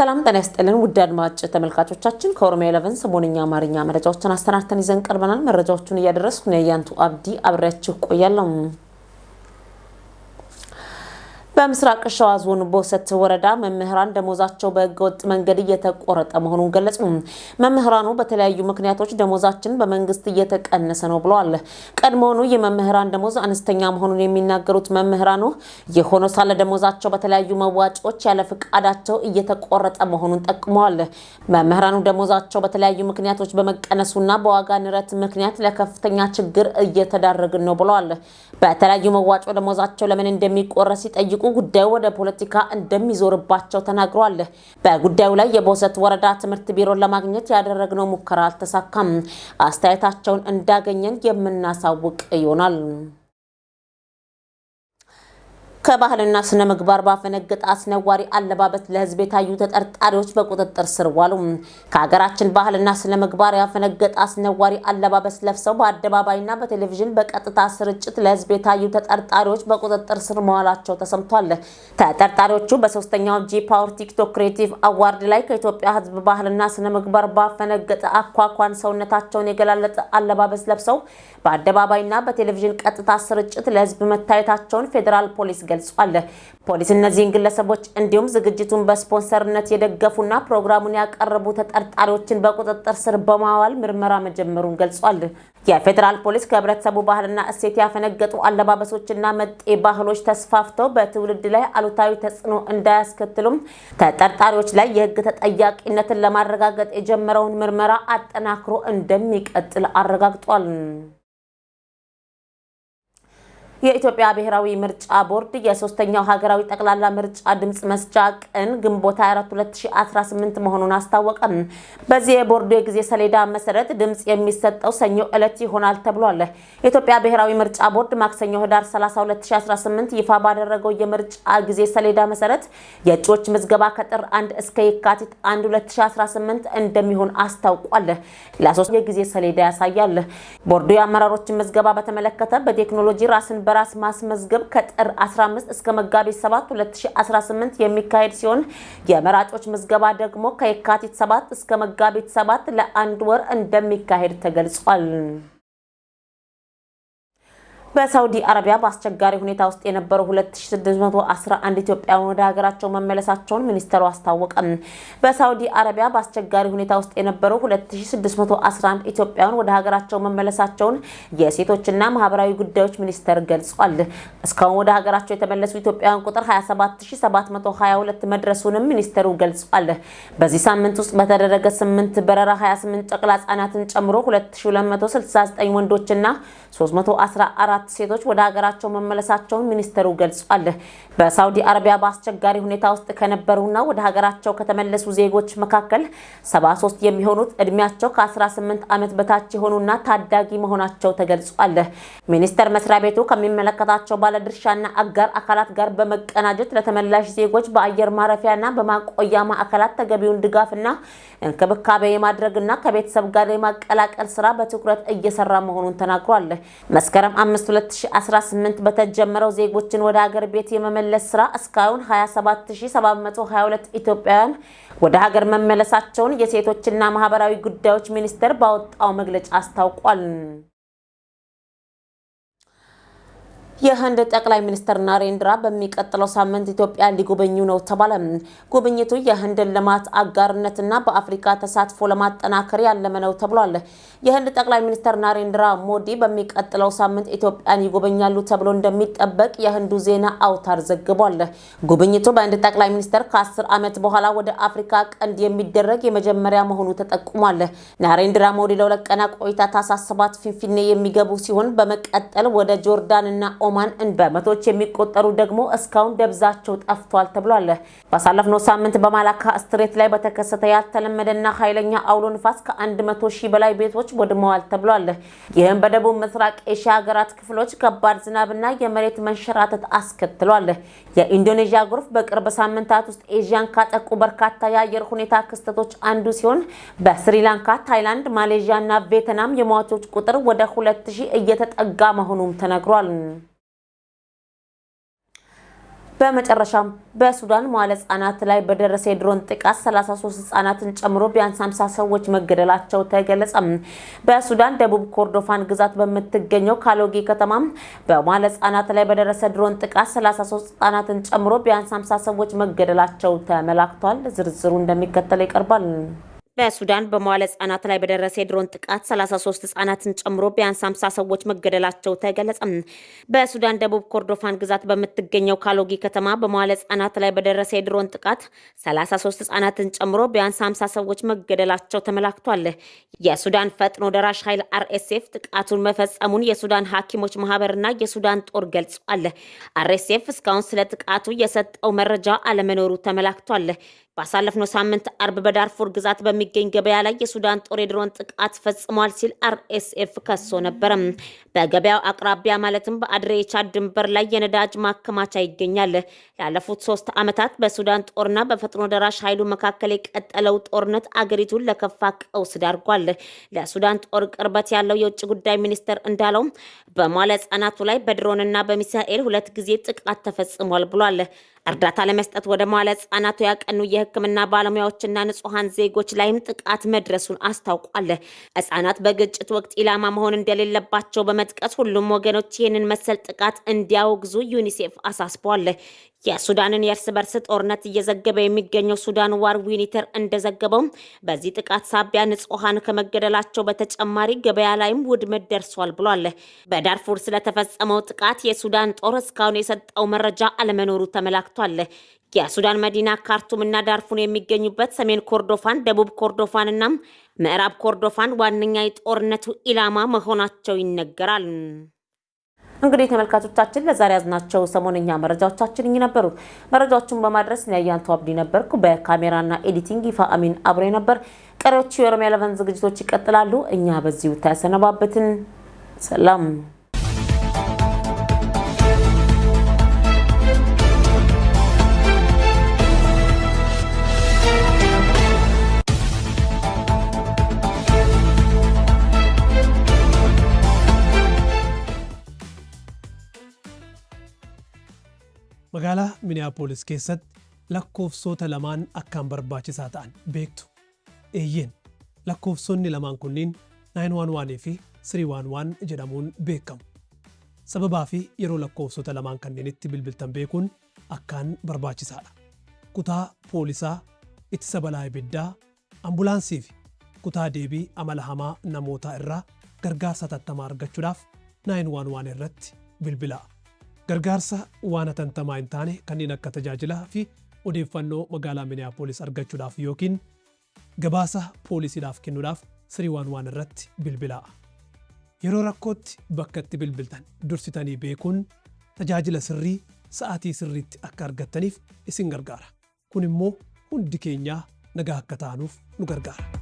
ሰላም ጤና ይስጥልን ውድ አድማጭ ተመልካቾቻችን ከኦሮሚያ ኤሌቨን ሰሞንኛ አማርኛ መረጃዎችን አሰናድተን ይዘን ቀርበናል። መረጃዎቹን እያደረስኩ ነው ያንቱ አብዲ አብሬያችሁ ቆያለሁ። በምስራቅ ሸዋ ዞን ቦሰት ወረዳ መምህራን ደሞዛቸው በህገወጥ መንገድ እየተቆረጠ መሆኑን ገለጹ። መምህራኑ በተለያዩ ምክንያቶች ደሞዛችን በመንግስት እየተቀነሰ ነው ብለዋል። ቀድሞውኑ የመምህራን ደሞዝ አነስተኛ መሆኑን የሚናገሩት መምህራኑ የሆነ ሳለ ደሞዛቸው በተለያዩ መዋጮዎች ያለ ፍቃዳቸው እየተቆረጠ መሆኑን ጠቅመዋል። መምህራኑ ደሞዛቸው በተለያዩ ምክንያቶች በመቀነሱና በዋጋ ንረት ምክንያት ለከፍተኛ ችግር እየተዳረግን ነው ብለዋል። በተለያዩ መዋጮ ደሞዛቸው ለምን እንደሚቆረ ሲጠይቁ ጉዳዩ ወደ ፖለቲካ እንደሚዞርባቸው ተናግረዋል። በጉዳዩ ላይ የቦሰት ወረዳ ትምህርት ቢሮን ለማግኘት ያደረግነው ሙከራ አልተሳካም። አስተያየታቸውን እንዳገኘን የምናሳውቅ ይሆናል። ከባህልና ስነ ምግባር ባፈነገጠ አስነዋሪ አለባበስ ለህዝብ የታዩ ተጠርጣሪዎች በቁጥጥር ስር ዋሉ። ከሀገራችን ባህልና ስነ ምግባር ያፈነገጠ አስነዋሪ አለባበስ ለብሰው በአደባባይና በቴሌቪዥን በቀጥታ ስርጭት ለህዝብ የታዩ ተጠርጣሪዎች በቁጥጥር ስር መዋላቸው ተሰምቷል። ተጠርጣሪዎቹ በሶስተኛው ጂ ፓወር ቲክቶክ ክሬቲቭ አዋርድ ላይ ከኢትዮጵያ ህዝብ ባህልና ስነ ምግባር ባፈነገጠ አኳኳን ሰውነታቸውን የገላለጠ አለባበስ ለብሰው በአደባባይና በቴሌቪዥን ቀጥታ ስርጭት ለህዝብ መታየታቸውን ፌዴራል ፖሊስ ገልጿል። ፖሊስ እነዚህን ግለሰቦች እንዲሁም ዝግጅቱን በስፖንሰርነት የደገፉና ፕሮግራሙን ያቀረቡ ተጠርጣሪዎችን በቁጥጥር ስር በማዋል ምርመራ መጀመሩን ገልጿል። የፌዴራል ፖሊስ ከህብረተሰቡ ባህልና እሴት ያፈነገጡ አለባበሶችና መጤ ባህሎች ተስፋፍተው በትውልድ ላይ አሉታዊ ተጽዕኖ እንዳያስከትሉም ተጠርጣሪዎች ላይ የህግ ተጠያቂነትን ለማረጋገጥ የጀመረውን ምርመራ አጠናክሮ እንደሚቀጥል አረጋግጧል። የኢትዮጵያ ብሔራዊ ምርጫ ቦርድ የሶስተኛው ሀገራዊ ጠቅላላ ምርጫ ድምፅ መስጫ ቀን ግንቦት 24 2018 መሆኑን አስታወቀም። በዚህ የቦርዱ የጊዜ ሰሌዳ መሰረት ድምፅ የሚሰጠው ሰኞ ዕለት ይሆናል ተብሏል። የኢትዮጵያ ብሔራዊ ምርጫ ቦርድ ማክሰኞ ህዳር 30 2018 ይፋ ባደረገው የምርጫ ጊዜ ሰሌዳ መሰረት የእጩዎች ምዝገባ ከጥር 1 እስከ የካቲት 1 2018 እንደሚሆን አስታውቋል። ለሶስት የጊዜ ሰሌዳ ያሳያል። ቦርዱ የአመራሮችን ምዝገባ በተመለከተ በቴክኖሎጂ ራስን በራስ ማስመዝገብ ከጥር 15 እስከ መጋቢት 7 2018 የሚካሄድ ሲሆን የመራጮች ምዝገባ ደግሞ ከየካቲት 7 እስከ መጋቢት 7 ለአንድ ወር እንደሚካሄድ ተገልጿል። በሳውዲ አረቢያ በአስቸጋሪ ሁኔታ ውስጥ የነበሩ 2611 ኢትዮጵያውያን ወደ ሀገራቸው መመለሳቸውን ሚኒስተሩ አስታወቀም። በሳውዲ አረቢያ በአስቸጋሪ ሁኔታ ውስጥ የነበሩ 2611 ኢትዮጵያውያን ወደ ሀገራቸው መመለሳቸውን የሴቶችና ማህበራዊ ጉዳዮች ሚኒስተር ገልጿል። እስካሁን ወደ ሀገራቸው የተመለሱ ኢትዮጵያውያን ቁጥር 27722 መድረሱንም ሚኒስተሩ ገልጿል። በዚህ ሳምንት ውስጥ በተደረገ 8 በረራ 28 ጨቅላ ህጻናትን ጨምሮ 2269 ወንዶችና 314 አራት ሴቶች ወደ ሀገራቸው መመለሳቸውን ሚኒስተሩ ገልጿል። በሳውዲ አረቢያ በአስቸጋሪ ሁኔታ ውስጥ ከነበሩና ወደ ሀገራቸው ከተመለሱ ዜጎች መካከል 73 የሚሆኑት እድሜያቸው ከ18 ዓመት በታች የሆኑና ታዳጊ መሆናቸው ተገልጿል። ሚኒስተር መስሪያ ቤቱ ከሚመለከታቸው ባለድርሻና አጋር አካላት ጋር በመቀናጀት ለተመላሽ ዜጎች በአየር ማረፊያና በማቆያ ማዕከላት ተገቢውን ድጋፍና እንክብካቤ የማድረግና ከቤተሰብ ጋር የማቀላቀል ስራ በትኩረት እየሰራ መሆኑን ተናግሯል። መስከረም አምስት 2018 በተጀመረው ዜጎችን ወደ ሀገር ቤት የመመለስ ስራ እስካሁን 27722 ኢትዮጵያውያን ወደ ሀገር መመለሳቸውን የሴቶችና ማህበራዊ ጉዳዮች ሚኒስቴር ባወጣው መግለጫ አስታውቋል። የህንድ ጠቅላይ ሚኒስትር ናሬንድራ በሚቀጥለው ሳምንት ኢትዮጵያ ሊጎበኙ ነው ተባለ። ጉብኝቱ የህንድን ልማት አጋርነትና በአፍሪካ ተሳትፎ ለማጠናከር ያለመ ነው ተብሏል። የህንድ ጠቅላይ ሚኒስትር ናሬንድራ ሞዲ በሚቀጥለው ሳምንት ኢትዮጵያን ይጎበኛሉ ተብሎ እንደሚጠበቅ የህንዱ ዜና አውታር ዘግቧል። ጉብኝቱ በህንድ ጠቅላይ ሚኒስትር ከአስር ዓመት በኋላ ወደ አፍሪካ ቀንድ የሚደረግ የመጀመሪያ መሆኑ ተጠቁሟል። ናሬንድራ ሞዲ ለሁለት ቀናት ቆይታ ታህሳስ ሰባት ፊንፊኔ የሚገቡ ሲሆን በመቀጠል ወደ ጆርዳን እና ኦማን በመቶች የሚቆጠሩ ደግሞ እስካሁን ደብዛቸው ጠፍቷል ተብሏል። ባሳለፍነው ሳምንት በማላካ ስትሬት ላይ በተከሰተ ያልተለመደና ኃይለኛ አውሎ ንፋስ ከ100 ሺህ በላይ ቤቶች ወድመዋል ተብሏል። ይህም በደቡብ ምስራቅ ኤሽያ ሀገራት ክፍሎች ከባድ ዝናብና የመሬት መንሸራተት አስከትሏል። የኢንዶኔዥያ ጎርፍ በቅርብ ሳምንታት ውስጥ ኤዥያን ካጠቁ በርካታ የአየር ሁኔታ ክስተቶች አንዱ ሲሆን በስሪላንካ፣ ታይላንድ፣ ማሌዥያ እና ቬትናም የሟቾች ቁጥር ወደ 2000 እየተጠጋ መሆኑም ተነግሯል። በመጨረሻም በሱዳን መዋለ ህጻናት ላይ በደረሰ የድሮን ጥቃት 33 ህጻናትን ጨምሮ ቢያንስ 50 ሰዎች መገደላቸው ተገለጸ። በሱዳን ደቡብ ኮርዶፋን ግዛት በምትገኘው ካሎጌ ከተማ በመዋለ ህጻናት ላይ በደረሰ ድሮን ጥቃት 33 ህጻናትን ጨምሮ ቢያንስ 50 ሰዎች መገደላቸው ተመላክቷል። ዝርዝሩ እንደሚከተለው ይቀርባል። በሱዳን በመዋለ ህጻናት ላይ በደረሰ የድሮን ጥቃት 33 ህጻናትን ጨምሮ ቢያንስ 50 ሰዎች መገደላቸው ተገለጸ። በሱዳን ደቡብ ኮርዶፋን ግዛት በምትገኘው ካሎጊ ከተማ በመዋለ ህጻናት ላይ በደረሰ የድሮን ጥቃት 33 ህጻናትን ጨምሮ ቢያንስ 50 ሰዎች መገደላቸው ተመላክቷል። የሱዳን ፈጥኖ ደራሽ ኃይል አርኤስኤፍ ጥቃቱን መፈጸሙን የሱዳን ሐኪሞች ማህበርና የሱዳን ጦር ገልጿል። አርኤስኤፍ እስካሁን ስለ ጥቃቱ የሰጠው መረጃ አለመኖሩ ተመላክቷል። ባሳለፍነው ሳምንት አርብ በዳርፎር ግዛት በሚገኝ ገበያ ላይ የሱዳን ጦር የድሮን ጥቃት ፈጽሟል ሲል አርኤስኤፍ ከሶ ነበረ። በገበያው አቅራቢያ ማለትም በአድሬቻ ድንበር ላይ የነዳጅ ማከማቻ ይገኛል። ላለፉት ሶስት ዓመታት በሱዳን ጦርና በፈጥኖ ደራሽ ኃይሉ መካከል የቀጠለው ጦርነት አገሪቱን ለከፋ ቀውስ ዳርጓል። ለሱዳን ጦር ቅርበት ያለው የውጭ ጉዳይ ሚኒስቴር እንዳለው በሟለ ህጻናቱ ላይ በድሮንና በሚሳኤል ሁለት ጊዜ ጥቃት ተፈጽሟል ብሏል። እርዳታ ለመስጠት ወደ መዋለ ህጻናቱ ያቀኑ የህክምና ባለሙያዎችና ንጹሐን ዜጎች ላይም ጥቃት መድረሱን አስታውቋል። ህጻናት በግጭት ወቅት ኢላማ መሆን እንደሌለባቸው በመጥቀስ ሁሉም ወገኖች ይህንን መሰል ጥቃት እንዲያወግዙ ዩኒሴፍ አሳስቧል። የሱዳንን የእርስ በርስ ጦርነት እየዘገበ የሚገኘው ሱዳን ዋር ዊኒተር እንደዘገበው በዚህ ጥቃት ሳቢያ ንጹሐን ከመገደላቸው በተጨማሪ ገበያ ላይም ውድመት ደርሷል ብሏል። በዳርፉር ስለተፈጸመው ጥቃት የሱዳን ጦር እስካሁን የሰጠው መረጃ አለመኖሩ ተመላክቷል። የሱዳን መዲና ካርቱም እና ዳርፉን የሚገኙበት ሰሜን ኮርዶፋን፣ ደቡብ ኮርዶፋን እና ምዕራብ ኮርዶፋን ዋነኛ የጦርነቱ ኢላማ መሆናቸው ይነገራል። እንግዲህ ተመልካቾቻችን ለዛሬ ያዝናቸው ሰሞነኛ መረጃዎቻችን እኚህ ነበሩ። መረጃዎቹን በማድረስ ኒያያንቱ አብዲ ነበርኩ። በካሜራና ኤዲቲንግ ይፋ አሚን አብሬ ነበር። ቀሪዎቹ የኦሮሚያ ኤሌቨን ዝግጅቶች ይቀጥላሉ። እኛ በዚሁ ተሰነባበትን። ሰላም magaalaa miniyaapolis keessatti lakkoofsota lamaan akkaan barbaachisaa ta'an beektu eeyyeen lakkoofsonni lamaan kunniin 911 fi 311 jedhamuun beekamu. Sababaa fi yeroo lakkoofsota lamaan kanneenitti bilbiltan beekuun akkaan barbaachisaadha. Kutaa poolisaa, ittisa balaa ibiddaa, ambulaansii fi kutaa deebii amala hamaa namootaa irraa gargaarsa tattamaa argachuudhaaf 911 irratti bilbilaa. gargaarsa waan hatantamaa hin taane kanneen akka tajaajilaa fi odeeffannoo magaalaa Minneapolis argachuudhaaf yookiin gabaasa poolisiidhaaf kennuudhaaf siriiwaan waan irratti bilbilaa'a. Yeroo rakkootti bakka itti bilbiltan dursitanii beekuun tajaajila sirrii sa'aatii sirriitti akka argattaniif isin gargaara. Kun immoo hundi keenyaa nagaa akka taanuuf nu gargaara.